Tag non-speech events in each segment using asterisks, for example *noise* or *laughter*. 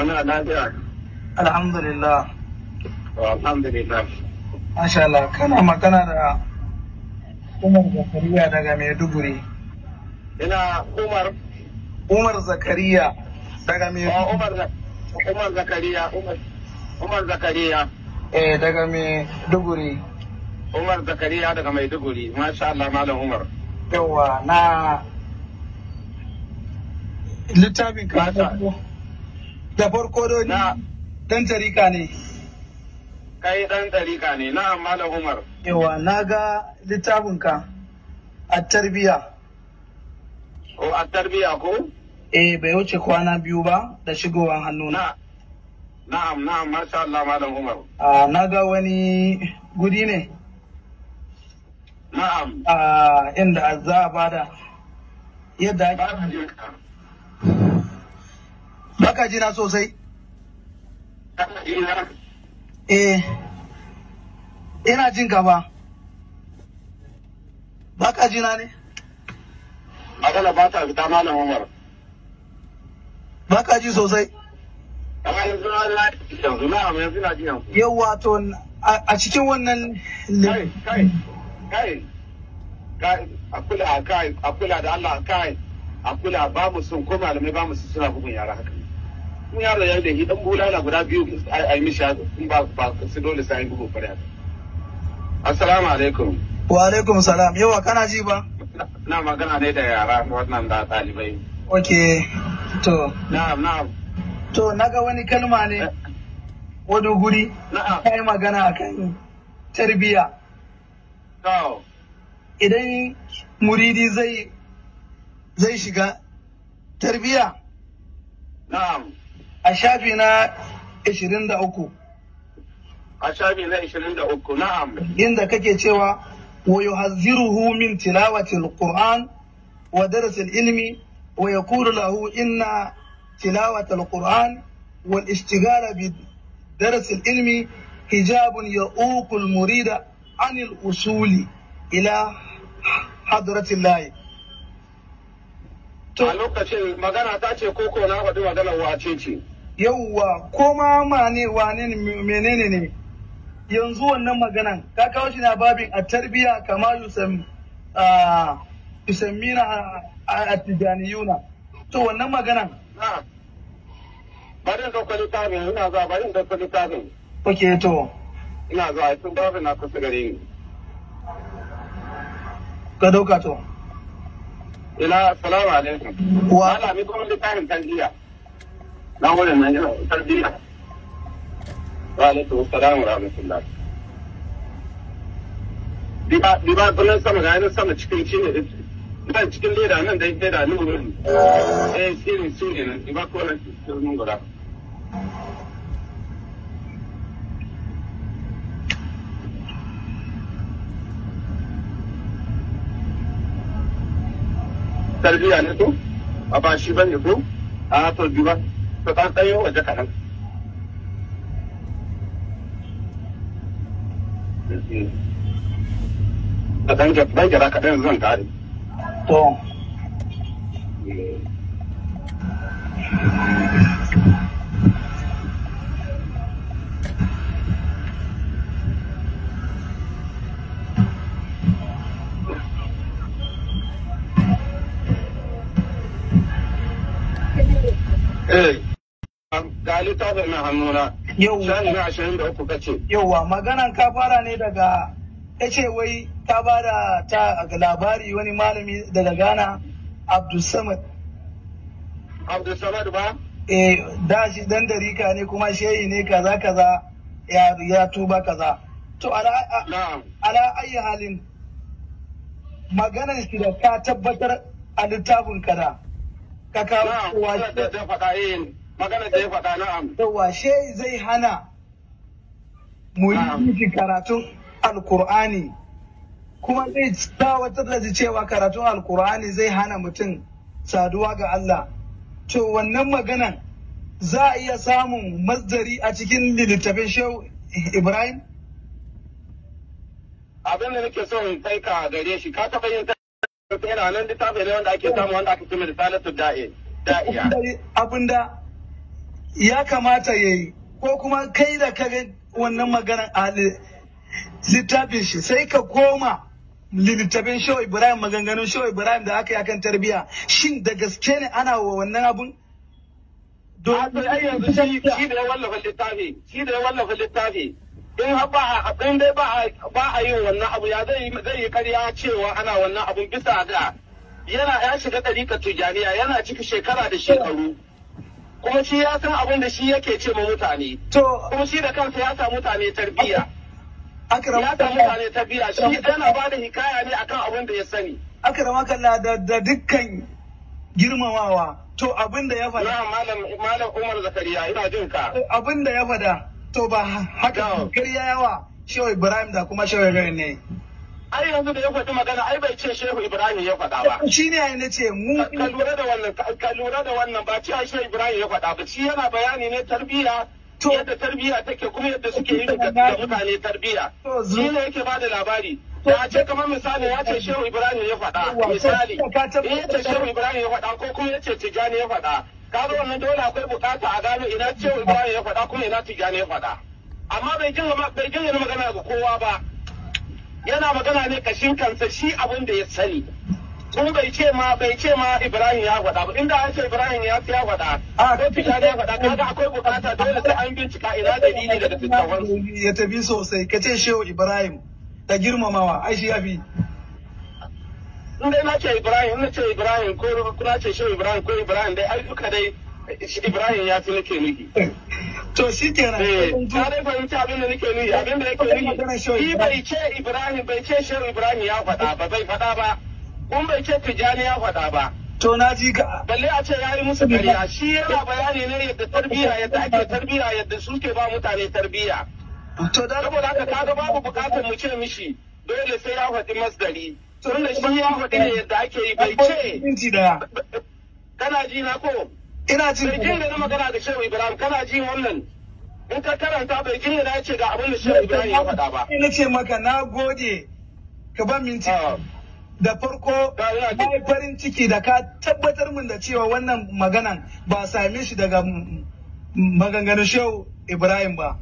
Muna lafiya. Alhamdulillah. Alhamdulillah. Masha Allah, kana magana da Umar Zakariya daga Maiduguri. Ina Umar. Umar Zakariya daga Maiduguri. Umar, Umar Zakariya, Umar, Zakariya. Eh daga Maiduguri. Umar Zakariya daga Maiduguri, masha Allah Malam Umar. Yawa na littafin ka. da farko doni dan tarika ne kai dan tarika ne na amma umar yawa na ga littafinka a tarbiya o a tarbiya ko eh bai wuce kwana biyu ba da shigowan hannu na na'am na'am masha Allah malam umar a na ga wani gudi ne na'am a inda za a bada yadda ake baka jina sosai eh ina jin gaba. ba baka jina ne magana ba ta fita malam umar baka ji sosai yau wato a cikin wannan kai kai kai akula kai akula da Allah kai akula ba mu sun ko malamai ba mu suna bugun yara haka in yaro ya da dan bulala guda biyu a yi mishi in ba ba su dole sai gugu fara assalamu alaikum wa alaikum salam yawa kana ji ba na magana ne da yara wannan da talibai ok to na'am na'am to naga wani kalma ne eh. wani guri yi magana akan tarbiya to idan muridi zai zai shiga tarbiya na'am a shafi na 23 a shafi na 23 na'am inda kake cewa wa yuhazziruhu min tilawati alquran wa darasi ilmi wa yaqulu lahu inna tilawata alquran wal ishtighala bi darasi ilmi hijabun yauqu almurida an al Ila ila hadratillahi a lokacin magana ta ce koko na faɗi maganar wace ce yauwa ko ma mane wane menene ne yanzu wannan maganan ka kawo shi na babin a tarbiya kama yusam yusamina a tijaniyuna to wannan maganan bari in dauka littafin ina zuwa bari in dauka littafin ok to ina zuwa cikin babin na kusa gari ne. ka dauka to ila salamu alaikum wa ala mi kuma littafin tanjiya na wurin nan yana tarbiyya wa alaikum assalam wa rahmatullah diba diba bulan sama ga yanar sama cikin shi ne nan cikin leda nan da leda nan wurin eh shi ne shi ne nan diba ko nan cikin guda tarbiyya ne ko a ba shi bane ko a ah, to diba to ka tsayo waje kaɗan. Da ɗan gyara kaɗan zan tare. To. Eh. hannuna shani na ashirin da uku kace yauwa maganan ka fara ne daga ya ce wai ta ba da ta labari wani malami daga ghana abdulsamad abdulsamad ba eh da shi dan darika ne kuma shehi ne kaza kaza ya ya tuba kaza to ala ala ayi halin maganar shi da ka tabbatar a littafin kada ka kawo kowa shi da faɗa eh. magana da ya faɗa na'am yawa she zai hana mu yi karatun Alƙur'ani? kuma zai tsawatar da cewa karatun Alƙur'ani zai hana mutum saduwa ga Allah to wannan maganan za a iya samun mazdari a cikin littattafin shehu ibrahim abin da nake so in kai ka gare shi ka taɓa yin yana nan littafi ne wanda ake samu wanda aka cimma da salatu da'i da'iya abinda ya kamata ya yi ko kuma kai da ka wannan maganar a littafin shi sai ka koma littafin shehu ibrahim maganganun shehu ibrahim da aka yi akan tarbiya shin da gaske ne ana wa wannan abun domin a yanzu shi da ya wallafa littafi shi da ya wallafa littafi in ba a in dai ba a yin wannan abu ya zai yi karya cewa ana wannan abun bisa da yana ya shiga dariƙar tujaniya yana ciki shekara da shekaru kuma shi ya san abin da shi yake ce ma mutane kuma shi da kansa ya sa mutane tarbiyya ya sa mutane tarbiyya shi yana ba da hikaya ne akan abin da ya sani Akram kalla da da dukkan girmamawa to abin da ya fada malam malam Umar Zakariya ina jin ka eh, abin da ya fada to ba haka kariya yawa shewa Ibrahim da kuma shewa ne ai yanzu da ya faɗi magana ai bai ce shehu ibrahim ya faɗa ba shi ne ai nace mu ka lura da wannan ka lura da wannan ba ce shehu ibrahim ya faɗa ba shi yana bayani ne tarbiyya yadda tarbiyya take kuma yadda suke yi da mutane tarbiyya shi ne yake ba da labari da ce kamar misali ya ce shehu ibrahim ya faɗa misali ya ce shehu ibrahim ya faɗa ko kuma ya ce tijani ya faɗa Ka ga wannan dole akwai bukata a gano ina shehu ibrahim ya faɗa kuma ina tijani ya faɗa amma bai jin bai jin magana ga kowa ba yana magana ne kashin kansa shi abin da ya sani kuma bai ce ma bai ce ma Ibrahim ya gwada ba inda an ce Ibrahim ya ya gwada a ah. ko Tijjani ya faɗa kaga akwai bukata dole sai an bincika ina dalili daga dattawan ya tafi sosai ka ce Shehu Ibrahim ta girmamawa ai shi yafi in dai na ce Ibrahim na ce Ibrahim ko kuna ce Shehu Ibrahim ko Ibrahim dai ai duka dai Ibrahim ya fi nake miki *laughs* To shi kenan. Ta eh, dai fahimci abin da nake nufi abin da nake nufi. Shi bai ce Ibrahim bai ce Shehu Ibrahim ya faɗa ba bai faɗa ba. Kun bai ce Tijjani ya faɗa ba. To na ji ka. Balle a ce yayi musu ƙarya shi yana bayani ne yadda tarbiyya yadda ake tarbiyya yadda suke ba mutane tarbiyya. To da saboda haka kaga babu bukatar mu ce mishi dole sai ya faɗi masdari. Tunda shi ya faɗi ne yadda ake yi bai ce. Kana ji na ko? ina jin bai da na magana da shehu ibrahim kana jin wannan in ka karanta bai kin da yace ga abin da shehu ibrahim ya faɗa ba ina ce maka na gode ka ban minti ah. da farko mai farin ciki da ka tabbatar min da cewa wannan maganan ba same shi daga maganganun shehu ibrahim ba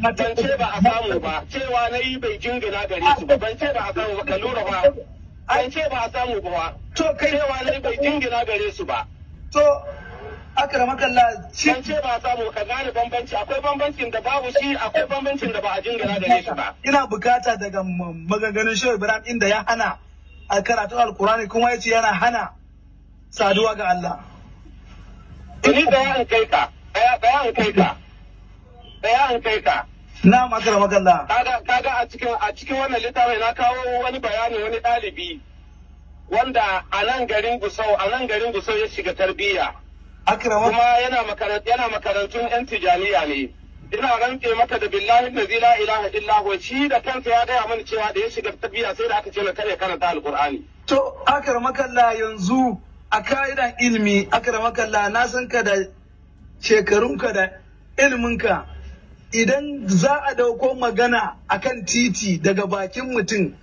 ban ce ba a samu ba cewa na yi bai jingina gare su ba ban ce ba a samu ba ka lura ba Ban ce ba a samu ba cewa na yi bai jingina gare su ba to aka rama kalla shi ce ba mu ka gane bambanci akwai bambancin da babu shi akwai bambancin da ba a jingina da shi ba ina bukata daga maganganun shehu ibrahim inda ya hana a karatun alkurani kuma yace yana hana saduwa ga Allah ni da ya kai ka da ya kai ka da ya kai ka na makara magalla kaga kaga a cikin a cikin wannan littafin na kawo wani bayani wani dalibi wanda a nan garin Gusau a nan garin Gusau ya shiga tarbiyya kuma yana makarantun yana makarantun yan tijaniya ne ina rantse maka da billahi da la ilaha illa shi da kansa ya gaya mana cewa da ya shiga tabiya sai da aka ce na kare karanta alqur'ani to akramakalla yanzu a ka'idan ilmi akramakalla na san ka da shekarunka da ka idan za a dauko magana akan titi daga bakin mutum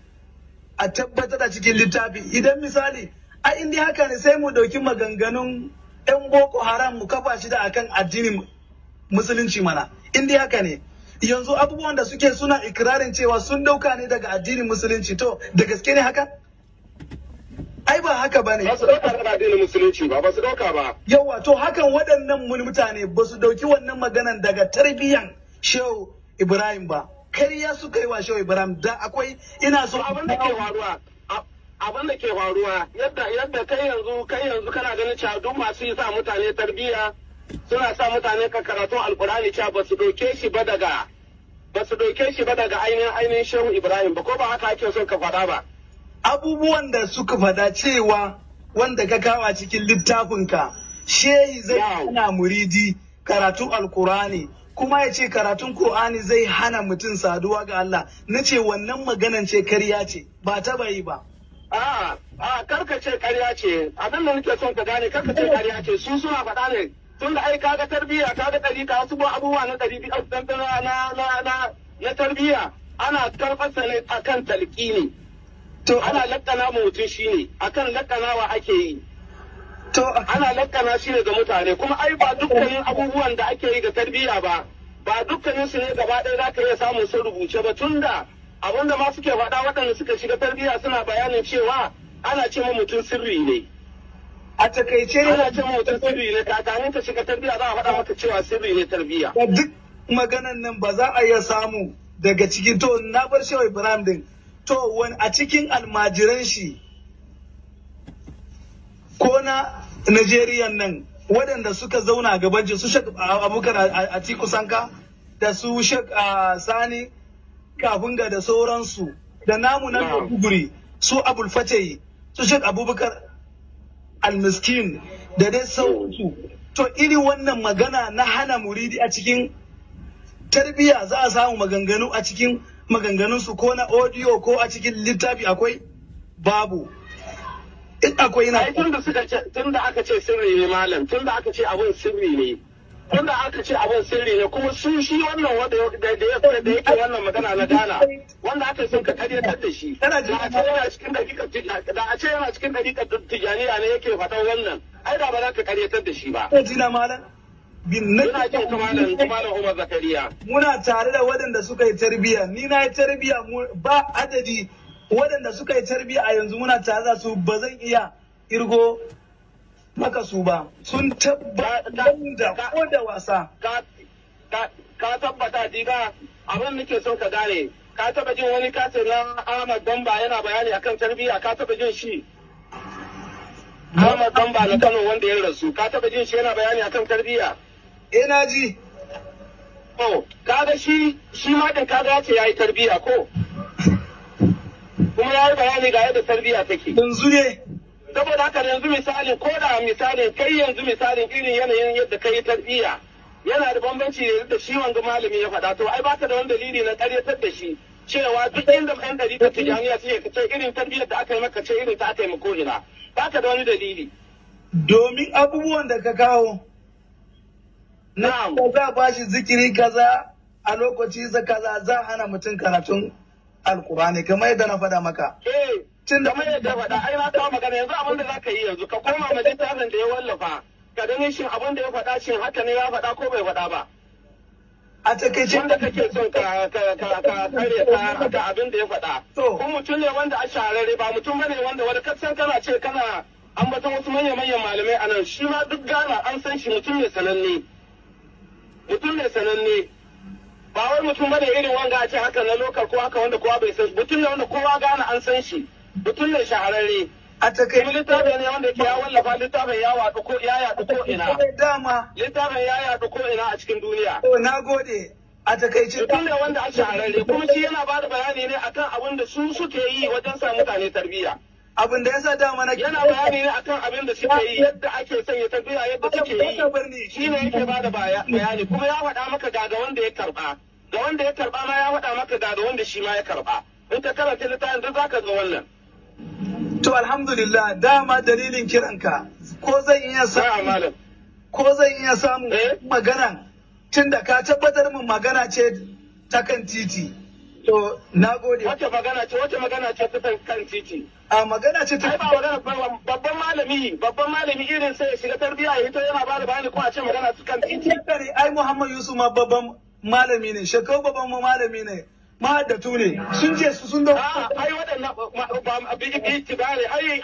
a tabbatar a cikin littafi idan misali a indi haka ne sai mu dauki maganganun Yan boko haram mu kafa shi da akan addinin musulunci mana in dai haka ne yanzu abubuwan da suke suna ikirarin cewa sun dauka ne daga addinin musulunci to da gaske ne haka ai ba haka ba ne ba su dauka daga addinin musulunci ba ba su dauka ba yawa to hakan waɗannan mutane ba su dauki wannan maganan daga tarbiyyan shehu ibrahim ba kariya suka yi wa shehu ibrahim da akwai ina so abin da ke waruwa abin da ke faruwa yadda yadda kai yanzu kai yanzu kana ganin cewa duk masu yi sa mutane tarbiyya suna sa mutane ka karatun alkurani cewa ba su doke shi ba daga ba su doke shi ba daga ainihin ainihin shehu ibrahim ba ko ba haka ake so ka faɗa ba abubuwan da suka faɗa cewa wanda ka kawa cikin littafinka shehi zai hana muridi karatu alkurani kuma ya ce karatun Kur'ani zai hana mutum saduwa ga Allah na ce wannan maganan ce karya ce ba ta bayi ba A'a, kar ka ce karya ce, abin da nake son ka gane ka ce karya ce, su suna faɗa ne. Tun da ai kaga tarbiyya, kaga wasu su abubuwa na ɗari biyu na na na na tarbiyya. Ana karɓarsa ne akan ne. To ana lakkana mu mutum shi shine, akan lakkanawa ake yi. To ana lakkana shi ne ga mutane, kuma ai ba dukkanin abubuwan da ake yi ga tarbiyya ba, ba dukkanin su ne gaba ɗaya za ka iya samun sun rubuce ba tunda abinda ma suke faɗa waɗanda suka shiga tarbiyya suna bayanin cewa ana ce mutum sirri ne a takaice ana ce mutum sirri ne kakanin ka shiga tarbiyya za a faɗa maka cewa sirri ne tarbiyya duk maganan nan ba za a iya samu daga cikin to na bar shawai Ibrahim to wani a cikin almajiran shi ko na Najeriya nan waɗanda suka zauna gaban su shek abokan a cikin sanka da su shek ah, sani kafunga da sauransu da namu nan da guguri su abul su shek abubakar almiskin da dai sauransu to iri wannan magana na hana muridi a cikin tarbiyya za a samu maganganu a cikin maganganunsu ko na audio ko a cikin littafi akwai babu in akwai na tun tun da aka ce sirri ne malam tun da aka ce abin sirri ne tunda aka ce abin sirri ne kuma sun shi wannan wanda da yake wannan magana na dana, wanda aka sun ka karyatar da shi da a ce yana cikin da a ce yana cikin dariƙar tijaniya ne yake faɗan wannan ai da ba za ka karyatar da shi ba jina malam Ina Umar Zakariya. Muna tare da waɗanda suka yi tarbiyya, ni na yi tarbiyya ba adadi waɗanda suka yi tarbiyya a yanzu muna tare da su ba zan iya irgo maka su ba sun tabbatar da ko da wasa ka tabbata diga abin nake so ka gane ka taba jin wani katin na Ahmad Gamba yana bayani akan tarbiyya ka taba jin shi Ahmad Gamba na Kano wanda ya rasu ka taba jin shi yana bayani akan tarbiyya eh na ji to kaga shi shi ma da kaga ya ce yayi tarbiyya ko kuma yayi bayani ga yadda tarbiyya take yanzu ne saboda haka yanzu misali ko da misali kai yanzu misalin irin yanayin yadda kai tarbiyya yana da bambanci da shi wanga malami ya faɗa to ai baka da wani dalili na karyatar da shi cewa duk inda ɗan ɗari ta tijaniya suke ce irin tarbiyyar da aka yi maka ce irin ta aka yi mako ina baka da wani dalili. domin abubuwan da ka kawo na kaza ba shi zikiri kaza a lokaci za kaza za hana mutum karatun alkurani kamar yadda na faɗa maka. Eh. Cin da mai yadda faɗa ai na kawo magana yanzu abin da za ka yi yanzu ka koma ma littafin da ya wallafa ka gani shin abin da ya faɗa shin haka ne ya faɗa ko bai faɗa ba. A takaice. Wanda kake son ka kare ta da abin da ya faɗa. Kuma mutum ne wanda a shararre ba mutum bane wanda wani kasan kana ce kana an bata wasu manya-manyan malamai a nan shi ma duk gana an san shi mutum ne sananne. Mutum ne sananne. Ba wai mutum bane irin wanga a ce haka na lokal ko haka wanda kowa bai san mutum ne wanda kowa gana an san shi. mutum ne shahararre a takai littafi ne wanda ke ya wallafa littafin ya yaɗu ko ya yaɗu ko ina dama littafin ya yaɗu ko ina a cikin duniya to na gode a takaice mutum ne wanda a shahararre kuma shi yana ba da bayani ne akan abin da su suke yi wajen sa mutane tarbiyya abin da yasa dama na yana bayani ne akan abin da suke yi yadda ake sanya tarbiyya yadda suke yi shi ne yake da bayani kuma ya faɗa maka ga wanda ya karɓa ga wanda ya karɓa ma ya faɗa maka ga wanda shi ma ya karɓa in ka karanta littafin duk za ka ga wannan to alhamdulillah dama dalilin kiranka ko zan iya samu ko zan iya samu eh? magana tunda ka tabbatar min magana ce ta kan titi to na gode wace magana ce wace magana ce ta kan titi a magana ce ta ba magana babban malami babban malami irin sai ya shiga tarbiya ya hito yana bada bayani ko a ce magana su kan titi ai Muhammad Yusuf ma babban malami ne shekau babban malami ne mahaddatu ne sun ce su sun dauko ah, ai waɗannan ba bi ai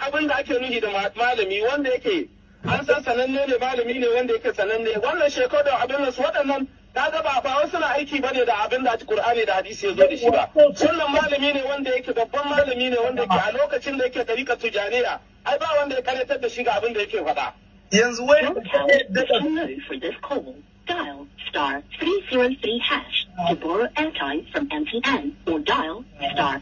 abin da ake nuhi da malami wanda yake an san sananne ne malami ne wanda yake sananne wannan shekaru da abin nan su waɗannan ta ba ba wasu na aiki ba ne da abin da Qur'ani da hadisi ya zo da shi ba sunan malami ne wanda yake babban malami ne wanda yake a lokacin da yake tariƙa tujaniya ai ba wanda ya karatar da shi ga abin da yake faɗa yanzu wai da To borrow airtime from MTN or dial star